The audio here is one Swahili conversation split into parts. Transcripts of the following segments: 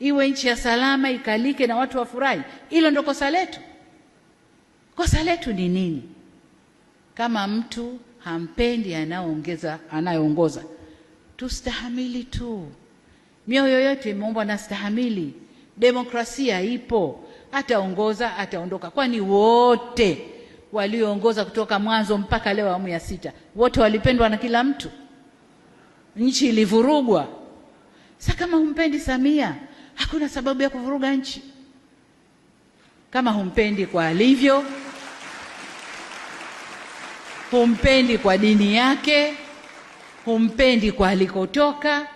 iwe nchi ya salama, ikalike na watu wafurahi. Hilo ndo kosa letu. Kosa letu ni nini? Kama mtu hampendi anaongeza anayeongoza, tustahamili tu. Mioyo yote imeombwa na stahamili. Demokrasia ipo, ataongoza ataondoka. Kwani wote walioongoza kutoka mwanzo mpaka leo awamu ya sita, wote walipendwa na kila mtu? Nchi ilivurugwa. Sa kama humpendi Samia hakuna sababu ya kuvuruga nchi. Kama humpendi kwa alivyo, humpendi kwa dini yake, humpendi kwa alikotoka,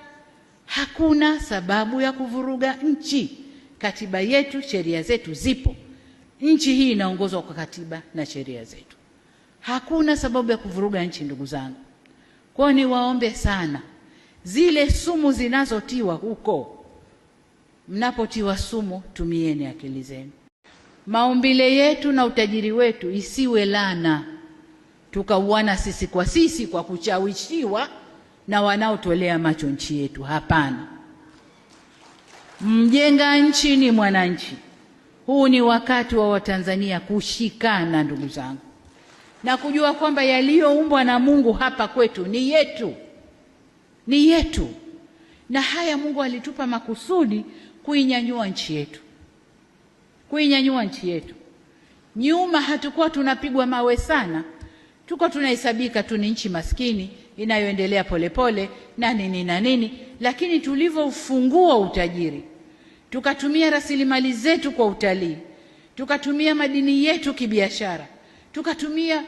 hakuna sababu ya kuvuruga nchi. Katiba yetu, sheria zetu zipo. Nchi hii inaongozwa kwa katiba na sheria zetu. Hakuna sababu ya kuvuruga nchi, ndugu zangu. Kwa hiyo niwaombe sana, zile sumu zinazotiwa huko mnapotiwa sumu tumieni akili zenu. Maumbile yetu na utajiri wetu isiwe lana, tukauana sisi kwa sisi kwa kushawishiwa na wanaotolea macho nchi yetu. Hapana, mjenga nchi ni mwananchi. Huu ni wakati wa Watanzania kushikana, ndugu zangu, na kujua kwamba yaliyoumbwa na Mungu hapa kwetu ni yetu, ni yetu, na haya Mungu alitupa makusudi kuinyanyua nchi yetu, kuinyanyua nchi yetu. Nyuma hatukuwa tunapigwa mawe sana, tuko tunahesabika tu ni nchi maskini inayoendelea polepole na nini na nini, lakini tulivyofungua utajiri, tukatumia rasilimali zetu kwa utalii, tukatumia madini yetu kibiashara, tukatumia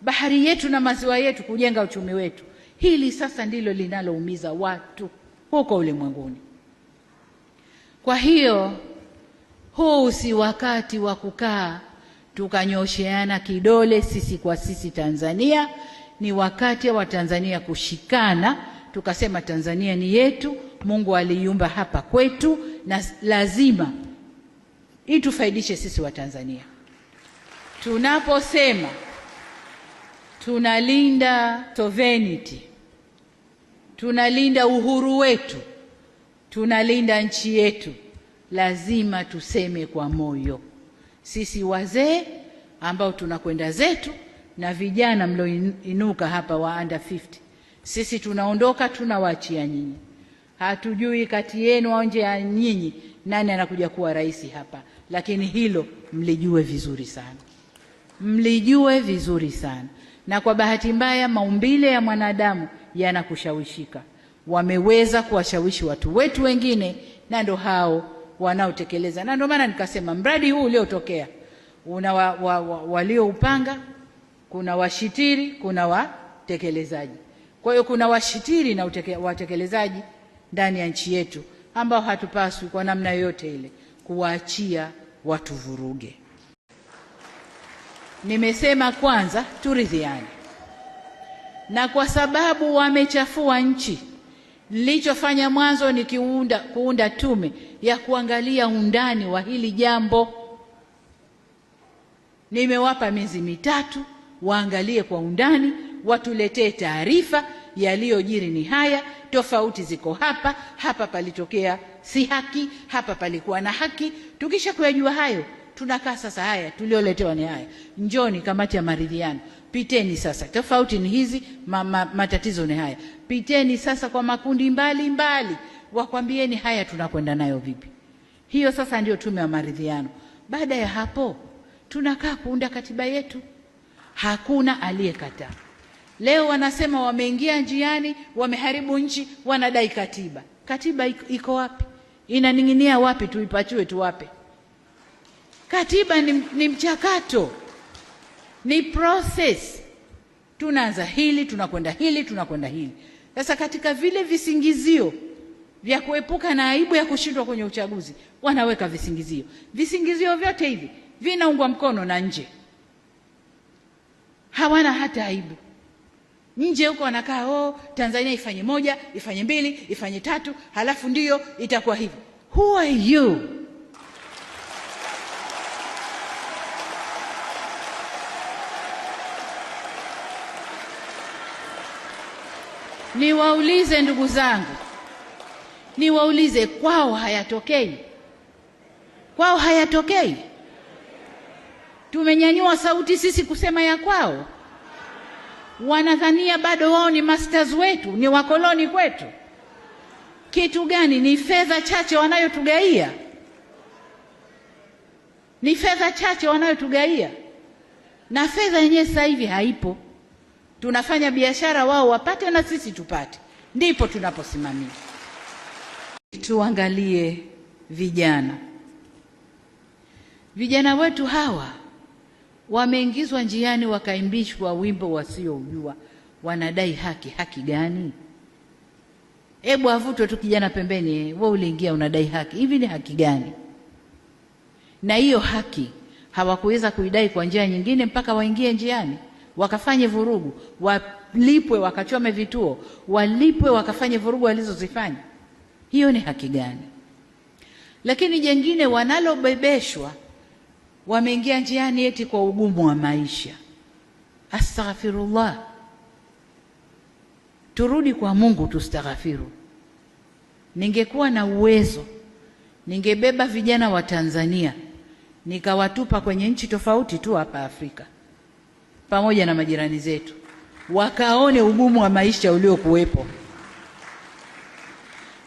bahari yetu na maziwa yetu kujenga uchumi wetu. Hili sasa ndilo linaloumiza watu huko ulimwenguni. Kwa hiyo huu si wakati wa kukaa tukanyosheana kidole sisi kwa sisi Tanzania. Ni wakati wa Tanzania kushikana, tukasema Tanzania ni yetu, Mungu aliiumba hapa kwetu, na lazima itufaidishe sisi wa Tanzania. Tunaposema tunalinda sovereignty, tunalinda uhuru wetu tunalinda nchi yetu, lazima tuseme kwa moyo, sisi wazee ambao tunakwenda zetu na vijana mlioinuka hapa wa under 50 sisi tunaondoka, tunawaachia nyinyi. Hatujui kati yenu au nje ya nyinyi nani anakuja kuwa rais hapa, lakini hilo mlijue vizuri sana, mlijue vizuri sana. Na kwa bahati mbaya maumbile ya mwanadamu yanakushawishika wameweza kuwashawishi watu wetu wengine, na ndo hao wanaotekeleza. Na ndio maana nikasema mradi huu uliotokea una wa, wa, wa, walioupanga, kuna washitiri, kuna watekelezaji. Kwa hiyo kuna washitiri na uteke, watekelezaji ndani ya nchi yetu ambao hatupaswi kwa namna yoyote ile kuwaachia watu vuruge. Nimesema kwanza turidhiane, na kwa sababu wamechafua nchi Nilichofanya mwanzo ni kiunda, kuunda tume ya kuangalia undani wa hili jambo. Nimewapa miezi mitatu waangalie kwa undani, watuletee taarifa yaliyojiri ni haya, tofauti ziko hapa, hapa palitokea si haki, hapa palikuwa na haki. Tukisha kuyajua hayo, tunakaa sasa, haya tulioletewa ni haya, njoni kamati ya maridhiano, piteni sasa, tofauti ni hizi ma, ma, matatizo ni haya piteni sasa kwa makundi mbalimbali, wakwambieni haya tunakwenda nayo vipi. Hiyo sasa ndio tume ya maridhiano. Baada ya hapo, tunakaa kuunda katiba yetu. Hakuna aliyekataa. Leo wanasema wameingia njiani, wameharibu nchi, wanadai katiba. Katiba iko wapi? Inaning'inia wapi? Tuipachue tuwape? Katiba ni, ni mchakato, ni process. Tunaanza hili, tunakwenda hili, tunakwenda hili. Sasa katika vile visingizio vya kuepuka na aibu ya kushindwa kwenye uchaguzi, wanaweka visingizio. Visingizio vyote hivi vinaungwa mkono na nje, hawana hata aibu. Nje huko wanakaa oh, Tanzania ifanye moja, ifanye mbili, ifanye tatu, halafu ndiyo itakuwa hivi. Who are you? Niwaulize ndugu zangu, niwaulize, kwao hayatokei? Kwao hayatokei? Tumenyanyua sauti sisi kusema ya kwao, wanadhania bado wao ni masters wetu, ni wakoloni kwetu. Kitu gani? Ni fedha chache wanayotugaia, ni fedha chache wanayotugaia, na fedha yenyewe sasa hivi haipo tunafanya biashara, wao wapate na sisi tupate, ndipo tunaposimamia. Tuangalie vijana. Vijana wetu hawa wameingizwa njiani, wakaimbishwa wimbo wasioujua, wanadai haki. Haki gani? Hebu avutwe tu kijana pembeni, wewe uliingia unadai haki, hivi ni haki gani? Na hiyo haki hawakuweza kuidai kwa njia nyingine mpaka waingie njiani wakafanye vurugu, walipwe, wakachome vituo, walipwe, wakafanye vurugu walizozifanya. Hiyo ni haki gani? Lakini jengine wanalobebeshwa, wameingia njiani eti kwa ugumu wa maisha. Astaghfirullah, turudi kwa Mungu tustaghfiru. Ningekuwa na uwezo ningebeba vijana wa Tanzania nikawatupa kwenye nchi tofauti tu hapa Afrika pamoja na majirani zetu, wakaone ugumu wa maisha uliokuwepo,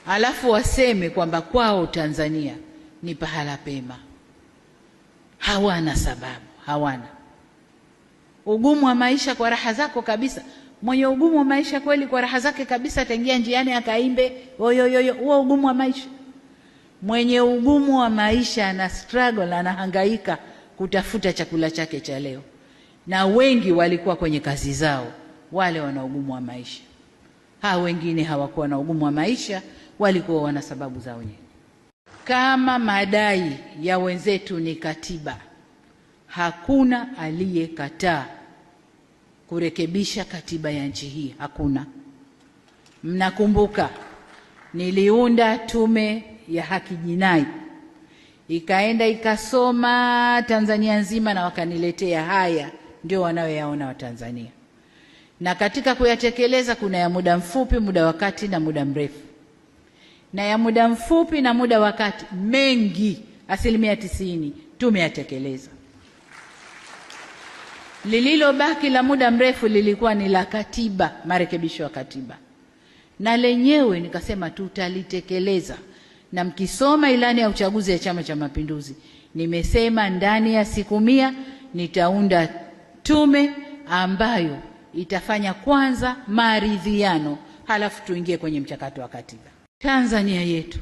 alafu waseme kwamba kwao Tanzania ni pahala pema. Hawana sababu, hawana ugumu wa maisha. Kwa raha zako kabisa, mwenye ugumu wa maisha kweli, kwa raha zake kabisa ataingia njiani akaimbe oyoyoyo, huo ugumu wa maisha. Mwenye ugumu wa maisha ana struggle, anahangaika kutafuta chakula chake cha leo na wengi walikuwa kwenye kazi zao, wale wana ugumu wa maisha. Hawa wengine hawakuwa na ugumu wa maisha, walikuwa wana sababu zao wenyewe. Kama madai ya wenzetu ni katiba, hakuna aliyekataa kurekebisha katiba ya nchi hii, hakuna. Mnakumbuka niliunda tume ya haki jinai ikaenda ikasoma Tanzania nzima na wakaniletea haya ndio wanayoyaona Watanzania, na katika kuyatekeleza kuna ya muda mfupi, muda wa kati na muda mrefu. Na ya muda mfupi na muda wa kati, mengi, asilimia tisini tumeyatekeleza. Lililobaki la muda mrefu lilikuwa ni la katiba, marekebisho ya katiba, na lenyewe nikasema tutalitekeleza. Na mkisoma ilani ya uchaguzi ya Chama cha Mapinduzi, nimesema ndani ya siku mia nitaunda tume ambayo itafanya kwanza maridhiano, halafu tuingie kwenye mchakato wa katiba. Tanzania yetu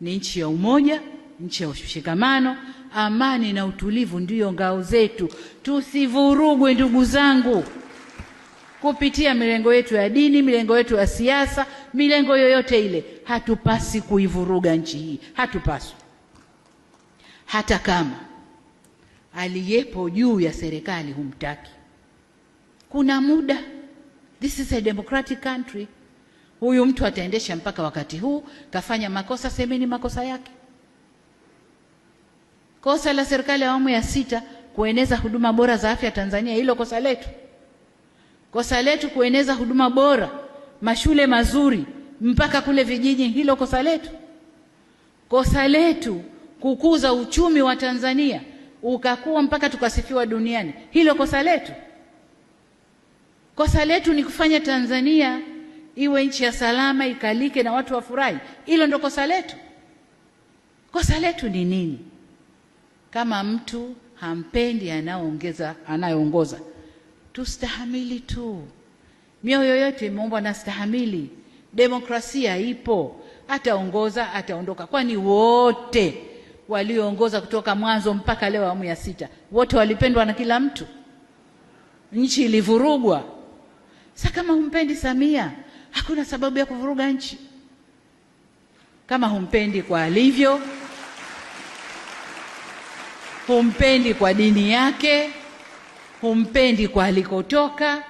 ni nchi ya umoja, nchi ya ushikamano. Amani na utulivu ndiyo ngao zetu, tusivurugwe ndugu zangu, kupitia milengo yetu ya dini, milengo yetu ya siasa, milengo yoyote ile. Hatupasi kuivuruga nchi hii, hatupaswi hata kama aliyepo juu ya serikali humtaki. Kuna muda, this is a democratic country. Huyu mtu ataendesha mpaka wakati huu. Kafanya makosa, semeni makosa yake. Kosa la serikali ya awamu ya sita kueneza huduma bora za afya Tanzania, hilo kosa letu. Kosa letu kueneza huduma bora, mashule mazuri mpaka kule vijiji, hilo kosa letu. Kosa letu kukuza uchumi wa Tanzania ukakuwa mpaka tukasifiwa duniani. Hilo kosa letu? Kosa letu ni kufanya Tanzania iwe nchi ya salama, ikalike na watu wafurahi. Hilo ndo kosa letu? Kosa letu ni nini? Kama mtu hampendi anaongeza anayeongoza, tustahamili tu. Mioyo yote imeombwa na stahamili. Demokrasia ipo, ataongoza ataondoka, kwani wote walioongoza kutoka mwanzo mpaka leo awamu ya sita, wote walipendwa na kila mtu. Nchi ilivurugwa. Sasa kama humpendi Samia, hakuna sababu ya kuvuruga nchi. Kama humpendi kwa alivyo, humpendi kwa dini yake, humpendi kwa alikotoka,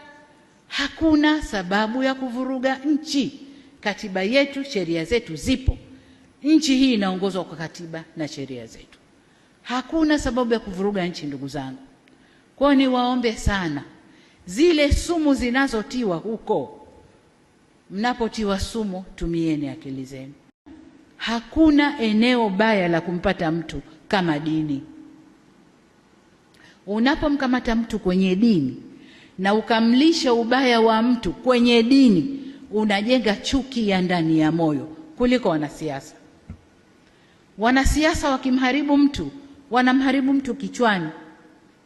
hakuna sababu ya kuvuruga nchi. Katiba yetu, sheria zetu zipo. Nchi hii inaongozwa kwa katiba na sheria zetu. Hakuna sababu ya kuvuruga nchi, ndugu zangu. Kwa niwaombe sana, zile sumu zinazotiwa huko, mnapotiwa sumu tumieni akili zenu. Hakuna eneo baya la kumpata mtu kama dini. Unapomkamata mtu kwenye dini na ukamlisha ubaya wa mtu kwenye dini, unajenga chuki ya ndani ya moyo kuliko wanasiasa. Wanasiasa wakimharibu mtu wanamharibu mtu kichwani,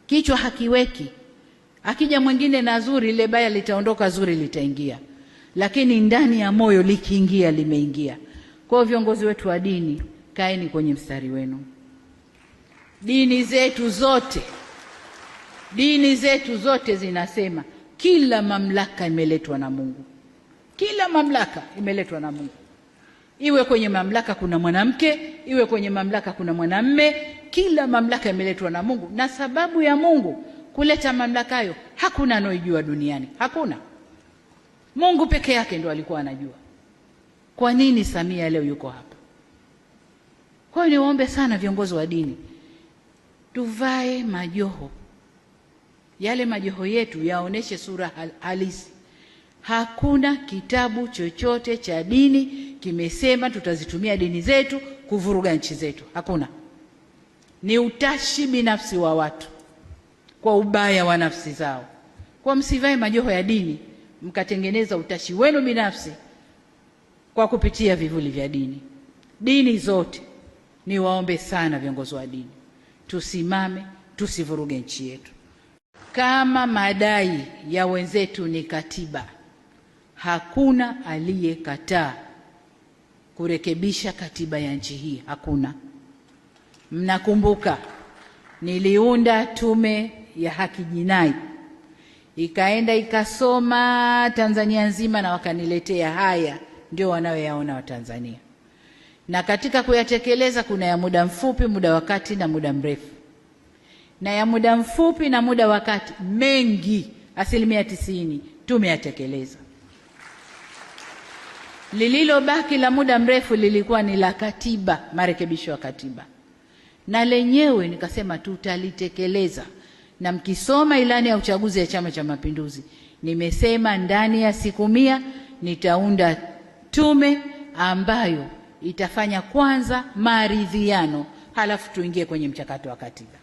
kichwa hakiweki. Akija mwingine na zuri, ile baya litaondoka, zuri litaingia, lakini ndani ya moyo likiingia, limeingia. Kwa hiyo viongozi wetu wa dini, kaeni kwenye mstari wenu. Dini zetu zote, dini zetu zote zinasema kila mamlaka imeletwa na Mungu, kila mamlaka imeletwa na Mungu iwe kwenye mamlaka kuna mwanamke, iwe kwenye mamlaka kuna mwanamme. Kila mamlaka imeletwa na Mungu, na sababu ya Mungu kuleta mamlaka hayo hakuna anaijua duniani, hakuna. Mungu peke yake ndo alikuwa anajua kwa nini Samia leo yuko hapa. Kwa hiyo niwaombe sana viongozi wa dini, tuvae majoho yale, majoho yetu yaoneshe sura halisi. Hakuna kitabu chochote cha dini kimesema tutazitumia dini zetu kuvuruga nchi zetu. Hakuna, ni utashi binafsi wa watu kwa ubaya wa nafsi zao. Kwa msivae majoho ya dini mkatengeneza utashi wenu binafsi kwa kupitia vivuli vya dini. Dini zote niwaombe sana viongozi wa dini, tusimame tusivuruge nchi yetu. Kama madai ya wenzetu ni katiba, hakuna aliyekataa kurekebisha katiba ya nchi hii hakuna. Mnakumbuka niliunda tume ya haki jinai, ikaenda ikasoma Tanzania nzima na wakaniletea haya ndio wanayoyaona Watanzania, na katika kuyatekeleza kuna ya muda mfupi, muda wa kati na muda mrefu. Na ya muda mfupi na muda wa kati, mengi asilimia tisini tumeyatekeleza. Lililobaki la muda mrefu lilikuwa ni la katiba, marekebisho ya katiba, na lenyewe nikasema tutalitekeleza. Na mkisoma ilani ya uchaguzi ya Chama cha Mapinduzi, nimesema ndani ya siku mia nitaunda tume ambayo itafanya kwanza maridhiano, halafu tuingie kwenye mchakato wa katiba.